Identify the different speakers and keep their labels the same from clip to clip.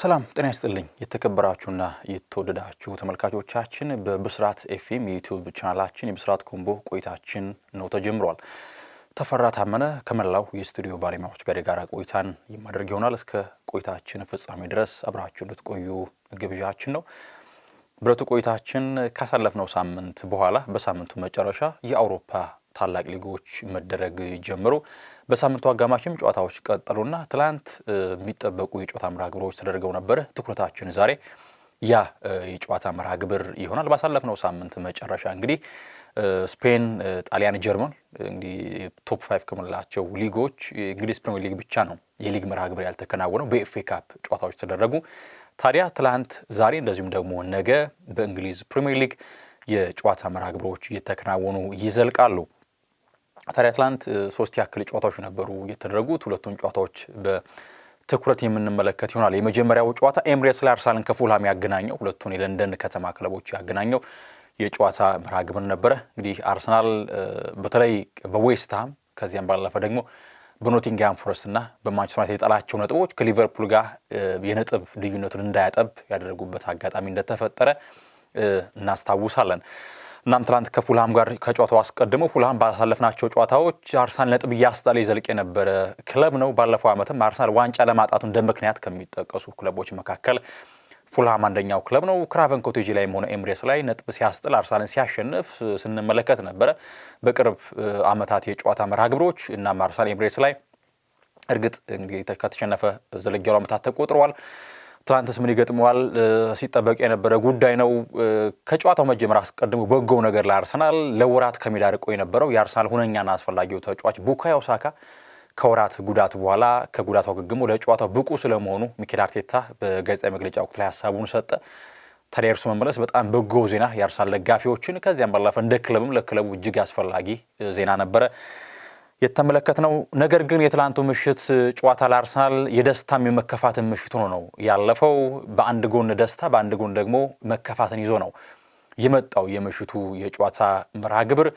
Speaker 1: ሰላም ጤና ይስጥልኝ። የተከበራችሁና የተወደዳችሁ ተመልካቾቻችን በብስራት ኤፍኤም የዩቲዩብ ቻናላችን የብስራት ኮምቦ ቆይታችን ነው ተጀምሯል። ተፈራ ታመነ ከመላው የስቱዲዮ ባለሙያዎች ጋር የጋራ ቆይታን የማደርግ ይሆናል። እስከ ቆይታችን ፍጻሜ ድረስ አብራችሁ ልትቆዩ ግብዣችን ነው። ብረቱ ቆይታችን ካሳለፍነው ሳምንት በኋላ በሳምንቱ መጨረሻ የአውሮፓ ታላቅ ሊጎች መደረግ ጀምሮ በሳምንቱ አጋማሽም ጨዋታዎች ቀጠሉና ትላንት የሚጠበቁ የጨዋታ መርሃ ግብሮች ተደርገው ነበር ትኩረታችን ዛሬ ያ የጨዋታ መርሃ ግብር ይሆናል። ባሳለፍነው ሳምንት መጨረሻ እንግዲህ ስፔን፣ ጣሊያን፣ ጀርመን እንግዲህ ቶፕ ፋይቭ ከምንላቸው ሊጎች እንግዲህ ፕሪሚየር ሊግ ብቻ ነው የሊግ መርሃ ግብር ያልተከናወነው። በኤፍ ካፕ ጨዋታዎች ተደረጉ። ታዲያ ትላንት፣ ዛሬ እንደዚሁም ደግሞ ነገ በእንግሊዝ ፕሪሚየር ሊግ የጨዋታ መርሃ ግብሮች እየተከናወኑ ይዘልቃሉ። ታዲያ ትላንት ሶስት ያክል ጨዋታዎች ነበሩ የተደረጉት። ሁለቱን ጨዋታዎች በትኩረት የምንመለከት ይሆናል። የመጀመሪያው ጨዋታ ኤምሬትስ ላይ አርሰናልን ከፉልሃም ያገናኘው ሁለቱን የለንደን ከተማ ክለቦች ያገናኘው የጨዋታ መርሃ ግብር ነበረ። እንግዲህ አርሰናል በተለይ በዌስትሃም ከዚያም ባለፈ ደግሞ በኖቲንግሃም ፎረስት እና በማንቸስተር ዩናይትድ ነጥቦች ከሊቨርፑል ጋር የነጥብ ልዩነቱን እንዳያጠብ ያደረጉበት አጋጣሚ እንደተፈጠረ እናስታውሳለን። እናም ትላንት ከፉልሃም ጋር ከጨዋታው አስቀድሞ ፉልሃም ባሳለፍናቸው ጨዋታዎች አርሰናል ነጥብ እያስጣለ ይዘልቅ የነበረ ክለብ ነው። ባለፈው ዓመትም አርሰናል ዋንጫ ለማጣቱ እንደ ምክንያት ከሚጠቀሱ ክለቦች መካከል ፉልሃም አንደኛው ክለብ ነው። ክራቨን ኮቴጅ ላይም ሆነ ኤምሬስ ላይ ነጥብ ሲያስጥል አርሰናልን ሲያሸንፍ ስንመለከት ነበረ። በቅርብ ዓመታት የጨዋታ መርሃ ግብሮች እናም አርሰናል ኤምሬስ ላይ እርግጥ እንግዲህ ከተሸነፈ ዘለጌሩ ዓመታት ተቆጥረዋል። ትናንትስ ምን ይገጥመዋል ሲጠበቅ የነበረ ጉዳይ ነው። ከጨዋታው መጀመር አስቀድሞ በጎው ነገር ለአርሰናል ለወራት ከሜዳ ርቆ የነበረው የአርሰናል ሁነኛና አስፈላጊው ተጫዋች ቡካዮ ሳካ ከወራት ጉዳት በኋላ ከጉዳቱ አገግሞ ለጨዋታው ብቁ ስለመሆኑ ሚኬል አርቴታ በጋዜጣዊ መግለጫ ወቅት ላይ ሀሳቡን ሰጠ። ታዲያ እርሱ መመለስ በጣም በጎ ዜና የአርሰናል ደጋፊዎችን ከዚያም ባለፈ እንደ ክለብም ለክለቡ እጅግ አስፈላጊ ዜና ነበረ። የተመለከትነው። ነገር ግን የትላንቱ ምሽት ጨዋታ ለአርሰናል የደስታም የመከፋትን ምሽት ሆኖ ነው ያለፈው። በአንድ ጎን ደስታ፣ በአንድ ጎን ደግሞ መከፋትን ይዞ ነው የመጣው የምሽቱ የጨዋታ መርሃ ግብር።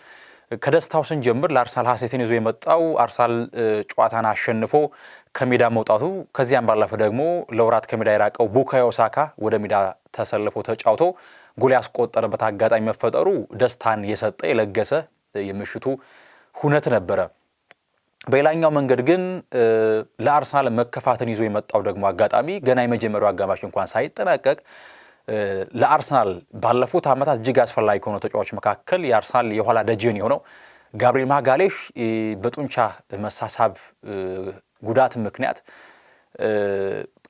Speaker 1: ከደስታው ስንጀምር ለአርሰናል ሀሴትን ይዞ የመጣው አርሰናል ጨዋታን አሸንፎ ከሜዳ መውጣቱ ከዚያም ባለፈ ደግሞ ለወራት ከሜዳ የራቀው ቡካዮ ሳካ ወደ ሜዳ ተሰልፎ ተጫውቶ ጎል ያስቆጠረበት አጋጣሚ መፈጠሩ ደስታን የሰጠ የለገሰ የምሽቱ ሁነት ነበረ። በሌላኛው መንገድ ግን ለአርሰናል መከፋትን ይዞ የመጣው ደግሞ አጋጣሚ ገና የመጀመሪያው አጋማሽ እንኳን ሳይጠናቀቅ ለአርሰናል ባለፉት ዓመታት እጅግ አስፈላጊ ከሆኑ ተጫዋቾች መካከል የአርሰናል የኋላ ደጀን የሆነው ጋብሪኤል ማጋሌሽ በጡንቻ መሳሳብ ጉዳት ምክንያት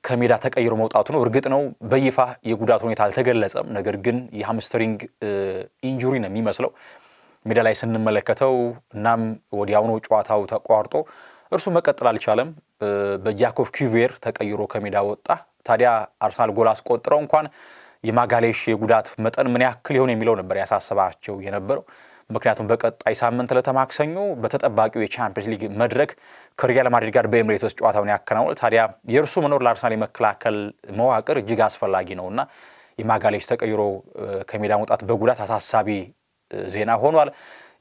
Speaker 1: ከሜዳ ተቀይሮ መውጣቱ ነው። እርግጥ ነው በይፋ የጉዳት ሁኔታ አልተገለጸም። ነገር ግን የሃምስትሪንግ ኢንጁሪ ነው የሚመስለው ሜዳ ላይ ስንመለከተው። እናም ወዲያውኑ ጨዋታው ተቋርጦ እርሱ መቀጠል አልቻለም። በጃኮቭ ኪቬር ተቀይሮ ከሜዳ ወጣ። ታዲያ አርሰናል ጎል አስቆጥረው እንኳን የማጋሌሽ የጉዳት መጠን ምን ያክል ይሆን የሚለው ነበር ያሳስባቸው የነበረው። ምክንያቱም በቀጣይ ሳምንት ለተማክሰኞ በተጠባቂው የቻምፒየንስ ሊግ መድረክ ከሪያል ማድሪድ ጋር በኤምሬትስ ጨዋታውን ያከናውናል። ታዲያ የእርሱ መኖር ለአርሰናል የመከላከል መዋቅር እጅግ አስፈላጊ ነውና የማጋሌሽ ተቀይሮ ከሜዳ መውጣት በጉዳት አሳሳቢ ዜና ሆኗል።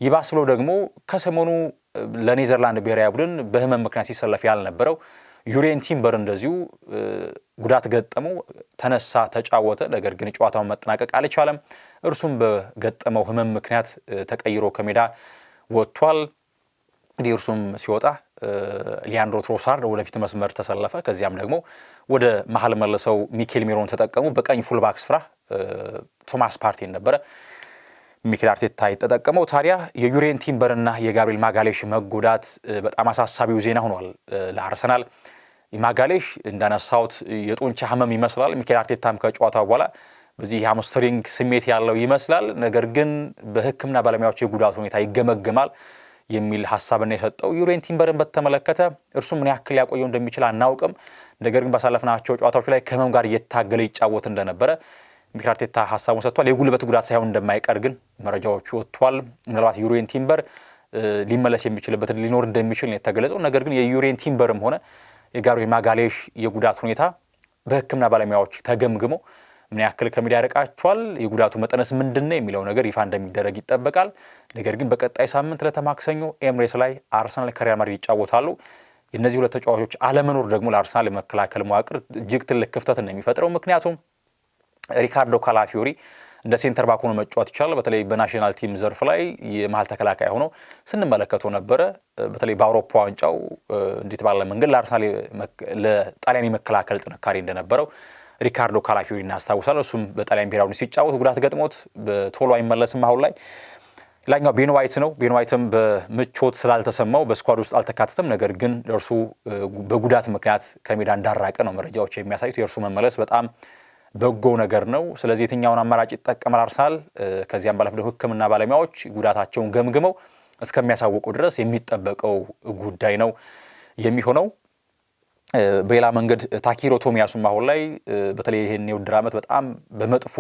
Speaker 1: ይባስ ብሎ ደግሞ ከሰሞኑ ለኔዘርላንድ ብሔራዊ ቡድን በህመም ምክንያት ሲሰለፍ ያልነበረው ዩሬን ቲምበር እንደዚሁ ጉዳት ገጠመው። ተነሳ፣ ተጫወተ። ነገር ግን ጨዋታውን መጠናቀቅ አልቻለም። እርሱም በገጠመው ህመም ምክንያት ተቀይሮ ከሜዳ ወጥቷል። እንግዲህ እርሱም ሲወጣ ሊያንድሮ ትሮሳርድ ወደፊት መስመር ተሰለፈ። ከዚያም ደግሞ ወደ መሀል መለሰው ሚኬል ሜሮን ተጠቀሙ። በቀኝ ፉልባክ ስፍራ ቶማስ ፓርቲን ነበረ። ሚኬል አርቴታ የተጠቀመው። ታዲያ የዩሬን ቲምበርና የጋብሪኤል ማጋሌሽ መጎዳት በጣም አሳሳቢው ዜና ሆኗል ለአርሰናል። ማጋሌሽ እንዳነሳሁት የጡንቻ ህመም ይመስላል። ሚኬል አርቴታም ከጨዋታ በኋላ በዚህ የሃምስትሪንግ ስሜት ያለው ይመስላል፣ ነገር ግን በሕክምና ባለሙያዎች የጉዳት ሁኔታ ይገመገማል የሚል ሀሳብና የሰጠው ዩሬን ቲምበርን በተመለከተ እርሱ ምን ያክል ሊያቆየው እንደሚችል አናውቅም። ነገር ግን ባሳለፍናቸው ጨዋታዎች ላይ ከህመም ጋር እየታገለ ይጫወት እንደነበረ ሚኬል አርቴታ ሀሳቡን ሰጥቷል። የጉልበት ጉዳት ሳይሆን እንደማይቀር ግን መረጃዎቹ ወጥቷል። ምናልባት ዩሬን ቲምበር ሊመለስ የሚችልበት ሊኖር እንደሚችል ነው የተገለጸው። ነገር ግን የዩሬን ቲምበርም ሆነ የጋብሪኤል ማጋሌሽ የጉዳት ሁኔታ በሕክምና ባለሙያዎች ተገምግሞ ምን ያክል ከሜዳ ያርቃቸዋል፣ የጉዳቱ መጠነስ ምንድን ነው የሚለው ነገር ይፋ እንደሚደረግ ይጠበቃል። ነገር ግን በቀጣይ ሳምንት ለተማክሰኞ ኤምሬስ ላይ አርሰናል ከሪያል ማድሪድ ይጫወታሉ። የእነዚህ ሁለት ተጫዋቾች አለመኖር ደግሞ ለአርሰናል የመከላከል መዋቅር እጅግ ትልቅ ክፍተት ነው የሚፈጥረው ምክንያቱም ሪካርዶ ካላፊዮሪ እንደ ሴንተር ባክ ሆኖ መጫወት ይችላል። በተለይ በናሽናል ቲም ዘርፍ ላይ የመሀል ተከላካይ ሆኖ ስንመለከተው ነበረ። በተለይ በአውሮፓ ዋንጫው እንዴት ባለ መንገድ ለአርሰናል ለጣሊያን የመከላከል ጥንካሬ እንደነበረው ሪካርዶ ካላፊዮሪ እናስታውሳል። እሱም በጣሊያን ብሔራዊ ሲጫወት ጉዳት ገጥሞት በቶሎ አይመለስም አሁን ላይ ሌላኛው ቤን ዋይት ነው። ቤን ዋይትም በምቾት ስላልተሰማው በስኳድ ውስጥ አልተካተተም። ነገር ግን እርሱ በጉዳት ምክንያት ከሜዳ እንዳራቀ ነው መረጃዎች የሚያሳዩት። የእርሱ መመለስ በጣም በጎ ነገር ነው። ስለዚህ የትኛውን አማራጭ ይጠቀማል አርሰናል? ከዚያም ባለፍ ደግሞ ሕክምና ባለሙያዎች ጉዳታቸውን ገምግመው እስከሚያሳውቁ ድረስ የሚጠበቀው ጉዳይ ነው የሚሆነው። በሌላ መንገድ ታኪሮ ቶሚያሱም አሁን ላይ በተለይ ይህን የውድድር ዓመት በጣም በመጥፎ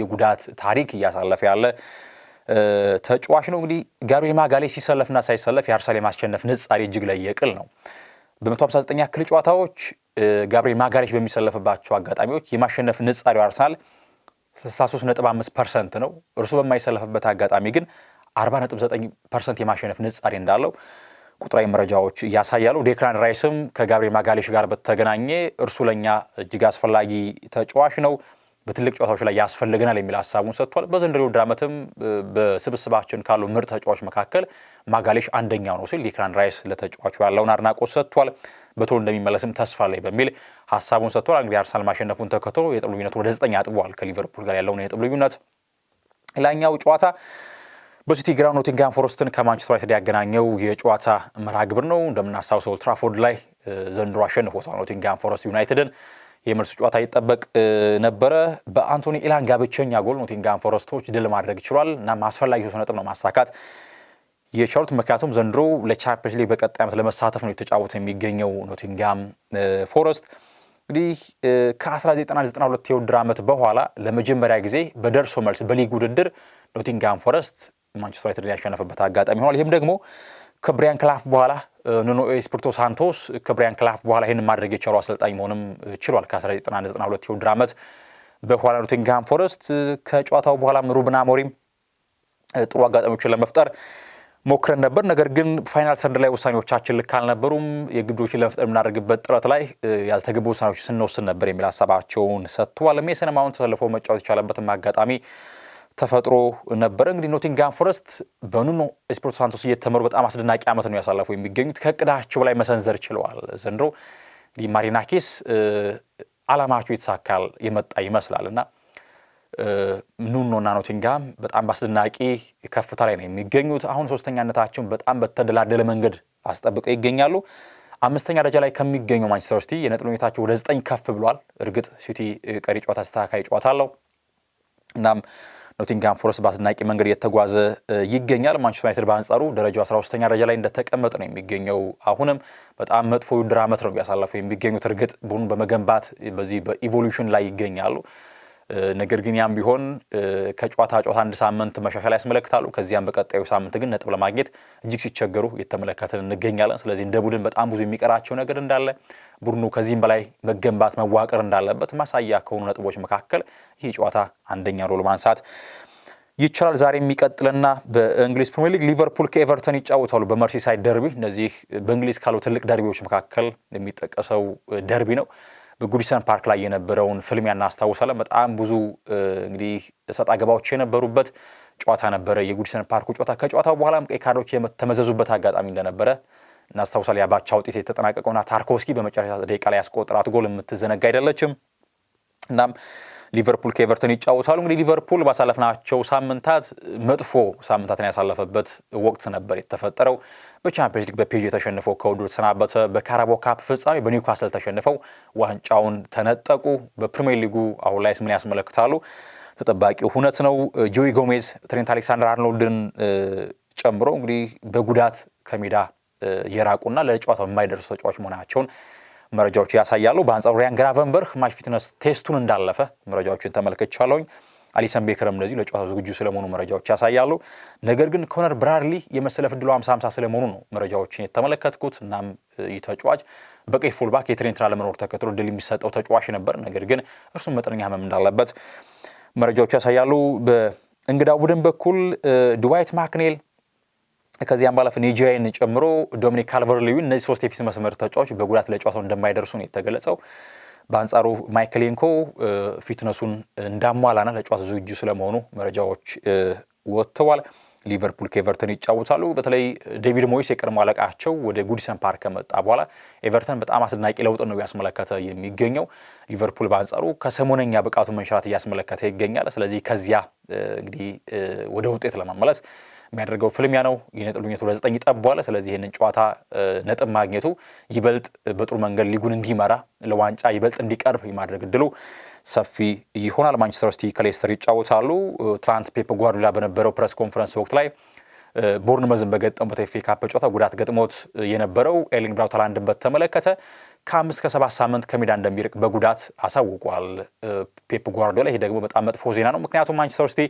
Speaker 1: የጉዳት ታሪክ እያሳለፈ ያለ ተጫዋች ነው። እንግዲህ ጋብሪኤል ማጋሌ ሲሰለፍና ሳይሰለፍ የአርሰናል የማስሸነፍ ንጻሬ እጅግ ላይ የቅል ነው። በ159ኛ ክፍል ጨዋታዎች ጋብሪኤል ማጋሌሽ በሚሰለፍባቸው አጋጣሚዎች የማሸነፍ ንጻሪው አርሰናል 63.5 ፐርሰንት ነው። እርሱ በማይሰለፍበት አጋጣሚ ግን 40.9 ፐርሰንት የማሸነፍ ንጻሪ እንዳለው ቁጥራዊ መረጃዎች እያሳያሉ። ዴክላን ራይስም ከጋብሪኤል ማጋሌሽ ጋር በተገናኘ እርሱ ለእኛ እጅግ አስፈላጊ ተጫዋች ነው በትልቅ ጨዋታዎች ላይ ያስፈልገናል የሚል ሀሳቡን ሰጥቷል። በዘንድሮ ውድድር ዓመትም በስብስባችን ካሉ ምርጥ ተጫዋች መካከል ማጋሌሽ አንደኛው ነው ሲል ዴክላን ራይስ ለተጫዋቹ ያለውን አድናቆት ሰጥቷል። በቶሎ እንደሚመለስም ተስፋ ላይ በሚል ሀሳቡን ሰጥቷል። እንግዲህ አርሰናል ማሸነፉን ተከትሎ የጥብ ልዩነቱ ወደ ዘጠኝ አጥቧል ከሊቨርፑል ጋር ያለውን የጥብ ልዩነት። ላኛው ጨዋታ በሲቲ ግራውንድ ኖቲንግሃም ፎረስትን ከማንቸስተር ዩናይትድ ያገናኘው የጨዋታ መርሃ ግብር ነው። እንደምናስታውሰው ኦልድ ትራፎርድ ላይ ዘንድሮ አሸንፎታል ኖቲንግሃም ፎረስት ዩናይትድን የመልሱ ጨዋታ ይጠበቅ ነበረ። በአንቶኒ ኢላንጋ ብቸኛ ጎል ኖቲንጋም ፎረስቶች ድል ማድረግ ችሏል። እናም አስፈላጊ ሶስት ነጥብ ነው ማሳካት የቻሉት። ምክንያቱም ዘንድሮ ለቻምፒዮንስ ሊግ በቀጣይ ዓመት ለመሳተፍ ነው የተጫወተ የሚገኘው ኖቲንጋም ፎረስት እንግዲህ ከ1992 የውድድር ዓመት በኋላ ለመጀመሪያ ጊዜ በደርሶ መልስ በሊግ ውድድር ኖቲንጋም ፎረስት ማንቸስተር ዩናይትድን ያሸነፈበት አጋጣሚ ሆኗል። ይህም ደግሞ ከብሪያን ክላፍ በኋላ ኑኖ ኤስፒሪቶ ሳንቶስ ከብሪያን ክላፍ በኋላ ይህን ማድረግ የቻለው አሰልጣኝ መሆንም ችሏል። ከ1992 የውድድር ዓመት በኋላ ኖቲንግሃም ፎረስት ከጨዋታው በኋላም ሩበን አሞሪም ጥሩ አጋጣሚዎችን ለመፍጠር ሞክረን ነበር። ነገር ግን ፋይናል ሰርድ ላይ ውሳኔዎቻችን ልክ አልነበሩም፣ የግብዶችን ለመፍጠር የምናደርግበት ጥረት ላይ ያልተገቡ ውሳኔዎች ስንወስን ነበር የሚል ሀሳባቸውን ሰጥተዋል። ሜሰን ማውንት ተሰልፎ መጫወት የቻለበትም አጋጣሚ ተፈጥሮ ነበረ። እንግዲህ ኖቲንጋም ፎረስት በኑኖ ኤስፒሪቶ ሳንቶስ እየተመሩ በጣም አስደናቂ ዓመት ነው ያሳለፉ የሚገኙት ከእቅዳቸው ላይ መሰንዘር ችለዋል። ዘንድሮ እንግዲህ ማሪናኪስ አላማቸው የተሳካል የመጣ ይመስላል እና እና ኖቲንጋም በጣም በአስደናቂ ከፍታ ላይ ነው የሚገኙት። አሁን ሶስተኛነታቸውን በጣም በተደላደለ መንገድ አስጠብቀው ይገኛሉ። አምስተኛ ደረጃ ላይ ከሚገኘው ማንቸስተር ሲቲ የነጥብ ሁኔታቸው ወደ ዘጠኝ ከፍ ብሏል። እርግጥ ሲቲ ቀሪ ጨዋታ አስተካካይ ጨዋታ አለው እናም ኖቲንግሃም ፎረስት በአስደናቂ መንገድ እየተጓዘ ይገኛል። ማንቸስተር ዩናይትድ በአንጻሩ ደረጃው 13ኛ ደረጃ ላይ እንደተቀመጠ ነው የሚገኘው። አሁንም በጣም መጥፎ ውድድር ዓመት ነው እያሳለፈው የሚገኙት። እርግጥ ቡድኑ በመገንባት በዚህ በኢቮሉሽን ላይ ይገኛሉ። ነገር ግን ያም ቢሆን ከጨዋታ ጨዋታ አንድ ሳምንት መሻሻል ያስመለክታሉ። ከዚያም በቀጣዩ ሳምንት ግን ነጥብ ለማግኘት እጅግ ሲቸገሩ እየተመለከትን እንገኛለን። ስለዚህ እንደ ቡድን በጣም ብዙ የሚቀራቸው ነገር እንዳለ ቡድኑ ከዚህም በላይ መገንባት መዋቅር እንዳለበት ማሳያ ከሆኑ ነጥቦች መካከል ይህ ጨዋታ አንደኛ ሮል ማንሳት ይቻላል። ዛሬ የሚቀጥልና በእንግሊዝ ፕሪሚየር ሊግ ሊቨርፑል ከኤቨርተን ይጫወታሉ በመርሲሳይድ ደርቢ። እነዚህ በእንግሊዝ ካሉ ትልቅ ደርቢዎች መካከል የሚጠቀሰው ደርቢ ነው። በጉዲሰን ፓርክ ላይ የነበረውን ፍልሚያ እናስታውሳለን። በጣም ብዙ እንግዲህ እሰጥ አገባዎች የነበሩበት ጨዋታ ነበረ። የጉዲሰን ፓርኩ ጨዋታ ከጨዋታው በኋላም ቀይ ካርዶች ተመዘዙበት አጋጣሚ እንደነበረ እናስታውሳል። ያባቻ ውጤት የተጠናቀቀውና ታርኮስኪ በመጨረሻ ደቂቃ ላይ ያስቆጥራት ጎል የምትዘነጋ አይደለችም። እናም ሊቨርፑል ከኤቨርተን ይጫወታሉ። እንግዲህ ሊቨርፑል ባሳለፍናቸው ሳምንታት መጥፎ ሳምንታትን ያሳለፈበት ወቅት ነበር የተፈጠረው። በቻምፒዮንስ ሊግ በፒጅ የተሸንፈው ከውድድሩ ተሰናበተ። በካራቦ ካፕ ፍጻሜ በኒውካስል ተሸንፈው ዋንጫውን ተነጠቁ። በፕሪሚየር ሊጉ አሁን ላይ ምን ያስመለክታሉ? ተጠባቂ ሁነት ነው። ጆይ ጎሜዝ ትሬንት አሌክሳንደር አርኖልድን ጨምሮ እንግዲህ በጉዳት ከሜዳ የራቁና ለጨዋታው የማይደርሱ ተጫዋች መሆናቸውን መረጃዎቹ ያሳያሉ። በአንጻሩ ሪያን ግራቨንበርህ ማች ፊትነስ ቴስቱን እንዳለፈ መረጃዎችን ተመልክቻለሁኝ። አሊሰን ቤከርም እንደዚሁ ለጨዋታው ዝግጁ ስለመሆኑ መረጃዎች ያሳያሉ። ነገር ግን ኮነር ብራድሊ የመሰለፍ ዕድሉ 50 50 ስለመሆኑ ነው መረጃዎችን የተመለከትኩት። እናም ይህ ተጫዋች በቀይ ፉልባክ የትሬንትን አለመኖር ተከትሎ ድል የሚሰጠው ተጫዋች ነበር። ነገር ግን እርሱም መጠነኛ ህመም እንዳለበት መረጃዎች ያሳያሉ። በእንግዳ ቡድን በኩል ድዋይት ማክኔል ከዚያም ባለፈ ኒጄሪያን ጨምሮ ዶሚኒክ ካልቨር ልዩን እነዚህ ሶስት የፊት መስመር ተጫዋች በጉዳት ለጨዋታው እንደማይደርሱ ነው የተገለጸው። በአንጻሩ ማይክል ኤንኮ ፊትነሱን እንዳሟላና ለጨዋታ ዝግጁ ስለመሆኑ መረጃዎች ወጥተዋል። ሊቨርፑል ከኤቨርተን ይጫወታሉ። በተለይ ዴቪድ ሞይስ የቀድሞ አለቃቸው ወደ ጉዲሰን ፓርክ ከመጣ በኋላ ኤቨርተን በጣም አስደናቂ ለውጥ ነው እያስመለከተ የሚገኘው። ሊቨርፑል በአንጻሩ ከሰሞነኛ ብቃቱ መንሸራት እያስመለከተ ይገኛል። ስለዚህ ከዚያ እንግዲህ ወደ ውጤት ለመመለስ የሚያደርገው ፍልሚያ ነው። ይህ ልዩነቱ ለዘጠኝ ይጠቧል። ስለዚህ ይህንን ጨዋታ ነጥብ ማግኘቱ ይበልጥ በጥሩ መንገድ ሊጉን እንዲመራ ለዋንጫ ይበልጥ እንዲቀርብ የማድረግ እድሉ ሰፊ ይሆናል። ማንቸስተር ሲቲ ከሌስተር ይጫወታሉ። ትናንት ፔፕ ጓርዲዮላ በነበረው ፕሬስ ኮንፈረንስ ወቅት ላይ ቦርንመዝን በገጠሙት ኤፍ ኤ ካፕ ጨዋታ ጉዳት ገጥሞት የነበረው ኤርሊንግ ብራውት ሃላንድን በተመለከተ ከአምስት ከሰባት ሳምንት ከሜዳ እንደሚርቅ በጉዳት አሳውቋል ፔፕ ጓርዲዮላ። ይሄ ደግሞ በጣም መጥፎ ዜና ነው። ምክንያቱም ማንቸስተር ሲቲ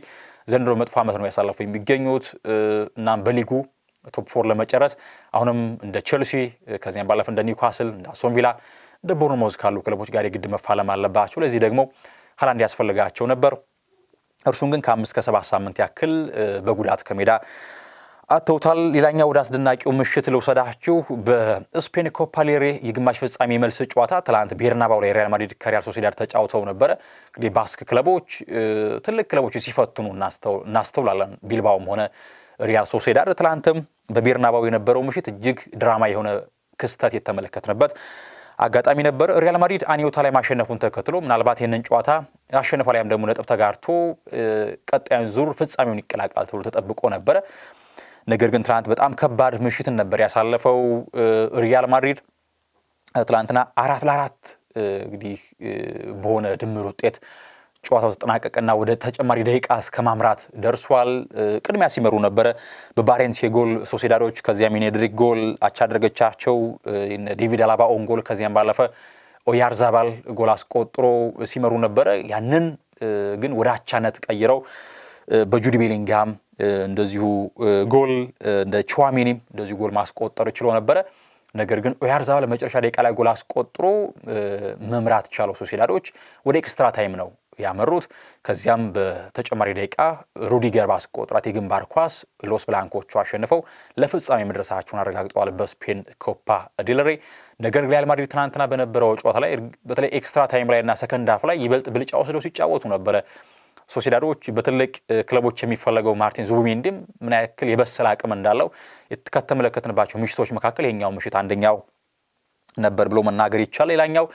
Speaker 1: ዘንድሮ መጥፎ ዓመት ነው ያሳለፉ የሚገኙት እናም በሊጉ ቶፕ ፎር ለመጨረስ አሁንም እንደ ቼልሲ ከዚያም ባለፈ እንደ ኒውካስል እንደ አስቶን ቪላ እንደ ቦርንማውዝ ካሉ ክለቦች ጋር የግድ መፋለም አለባቸው። ለዚህ ደግሞ ሀላንድ ያስፈልጋቸው ነበር። እርሱም ግን ከአምስት ከሰባት ሳምንት ያክል በጉዳት ከሜዳ አተውታል። ሌላኛው ወደ አስደናቂው ምሽት ልውሰዳችሁ። በስፔን ኮፓ ሌሬ የግማሽ ፍጻሜ መልስ ጨዋታ ትላንት ቤርናባው ላይ ሪያል ማድሪድ ከሪያል ሶሲዳድ ተጫውተው ነበረ። እንግዲህ ባስክ ክለቦች ትልቅ ክለቦች ሲፈትኑ እናስተውላለን። ቢልባውም ሆነ ሪያል ሶሲዳድ ትላንትም በቤርናባው የነበረው ምሽት እጅግ ድራማ የሆነ ክስተት የተመለከትንበት አጋጣሚ ነበር። ሪያል ማድሪድ አኒዮታ ላይ ማሸነፉን ተከትሎ ምናልባት ይህንን ጨዋታ አሸነፈ ላይም ደግሞ ነጥብ ተጋርቶ ቀጣዩን ዙር ፍጻሜውን ይቀላቀላል ተብሎ ተጠብቆ ነበረ። ነገር ግን ትናንት በጣም ከባድ ምሽትን ነበር ያሳለፈው ሪያል ማድሪድ ትላንትና አራት ለአራት እንግዲህ በሆነ ድምር ውጤት ጨዋታው ተጠናቀቀና ወደ ተጨማሪ ደቂቃ እስከ ማምራት ደርሷል። ቅድሚያ ሲመሩ ነበረ በባሬንስ የጎል ሶሴዳዶች፣ ከዚያም የኔድሪክ ጎል አቻደረገቻቸው ዴቪድ አላባ ኦን ጎል፣ ከዚያም ባለፈ ኦያርዛባል ጎል አስቆጥሮ ሲመሩ ነበረ። ያንን ግን ወደ አቻነት ቀይረው በጁዲ ቤሊንግሃም እንደዚሁ ጎል እንደ ቹዋሜኒም እንደዚሁ ጎል ማስቆጠር ችሎ ነበረ። ነገር ግን ኦያርዛባል መጨረሻ ደቂቃ ላይ ጎል አስቆጥሮ መምራት ቻለው። ሶሲዳዶች ወደ ኤክስትራ ታይም ነው ያመሩት። ከዚያም በተጨማሪ ደቂቃ ሩዲገር ባስቆጠራት የግንባር ኳስ ሎስ ብላንኮቹ አሸንፈው ለፍጻሜ መድረሳቸውን አረጋግጠዋል በስፔን ኮፓ ዴልሬ። ነገር ግን ሪያል ማድሪድ ትናንትና በነበረው ጨዋታ ላይ በተለይ ኤክስትራ ታይም ላይ እና ሰከንድ ሀፍ ላይ ይበልጥ ብልጫ ወስደው ሲጫወቱ ነበረ ሶሲዳዶች በትልቅ ክለቦች የሚፈለገው ማርቲን ዙቢሜንዲም ምን ያክል የበሰለ አቅም እንዳለው ከተመለከትንባቸው ምሽቶች መካከል ይሄኛው ምሽት አንደኛው ነበር ብሎ መናገር ይቻላል። ሌላኛው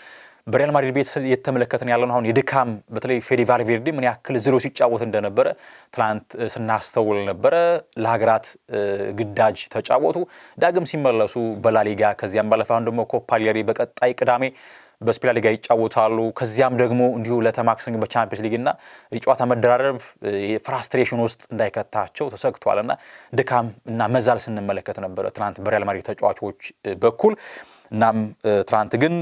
Speaker 1: በሪያል ማድሪድ ቤት የተመለከትን ያለን አሁን የድካም በተለይ ፌዲ ቫልቬርዲ ምን ያክል ዝሮ ሲጫወት እንደነበረ ትላንት ስናስተውል ነበረ። ለሀገራት ግዳጅ ተጫወቱ ዳግም ሲመለሱ በላሊጋ ከዚያም ባለፈ አሁን ደግሞ ኮፓ ዴል ሬይ በቀጣይ ቅዳሜ በስፔላ ሊጋ ይጫወታሉ። ከዚያም ደግሞ እንዲሁ ለተማክሰኞ በቻምፒየንስ ሊግና የጨዋታ መደራረብ ፍራስትሬሽን ውስጥ እንዳይከታቸው ተሰግቷልና ድካም እና መዛል ስንመለከት ነበረ ትናንት በሪያል ማድሪድ ተጫዋቾች በኩል። እናም ትናንት ግን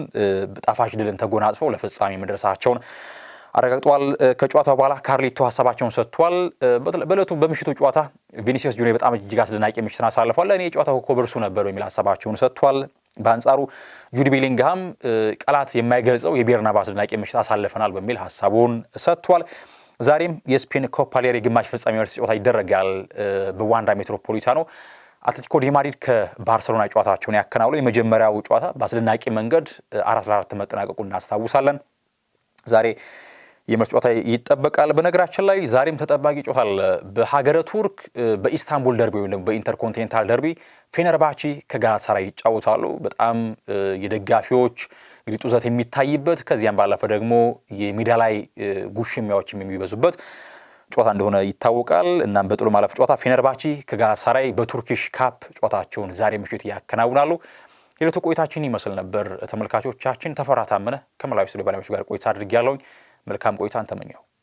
Speaker 1: ጣፋጭ ድልን ተጎናጽፈው ለፍጻሜ መድረሳቸውን አረጋግጠዋል። ከጨዋታ በኋላ ካርሊቶ ሀሳባቸውን ሰጥቷል። በእለቱ በምሽቱ ጨዋታ ቪኒሲየስ ጁኒየር በጣም እጅግ አስደናቂ ምሽትን አሳልፏል። ለእኔ የጨዋታ ኮከብ እርሱ ነበር የሚል ሀሳባቸውን ሰጥቷል። በአንጻሩ ጁድ ቤሊንግሃም ቃላት የማይገልጸው የቤርናባ አስደናቂ ምሽት አሳልፈናል በሚል ሀሳቡን ሰጥቷል። ዛሬም የስፔን ኮፓሌሪ ግማሽ ፍጻሜ መልስ ጨዋታ ይደረጋል በዋንዳ ሜትሮፖሊታኖ። አትሌቲኮ ዲ ማድሪድ ከባርሰሎና ጨዋታቸውን ያከናውለው የመጀመሪያው ጨዋታ በአስደናቂ መንገድ አራት ለአራት መጠናቀቁ እናስታውሳለን። ዛሬ የመልስ ጨዋታ ይጠበቃል። በነገራችን ላይ ዛሬም ተጠባቂ ጨዋታል በሀገረ ቱርክ በኢስታንቡል ደርቢ ወይም ደግሞ በኢንተርኮንቲኔንታል ደርቢ ፌነርባቺ ከጋላታሳራይ ይጫወታሉ። በጣም የደጋፊዎች እንግዲህ ጡዘት የሚታይበት ከዚያም ባለፈ ደግሞ የሜዳ ላይ ጉሽሚያዎችም የሚበዙበት ጨዋታ እንደሆነ ይታወቃል። እናም በጥሎ ማለፍ ጨዋታ ፌነርባቺ ከጋላታሳራይ በቱርኪሽ ካፕ ጨዋታቸውን ዛሬ ምሽት ያከናውናሉ። የዕለቱ ቆይታችን ይመስል ነበር። ተመልካቾቻችን ተፈራ ታመነ ከመላዊ ስቱዲዮ ባለሙያዎች ጋር ቆይታ ያለውኝ መልካም ቆይታን ተመኘሁ።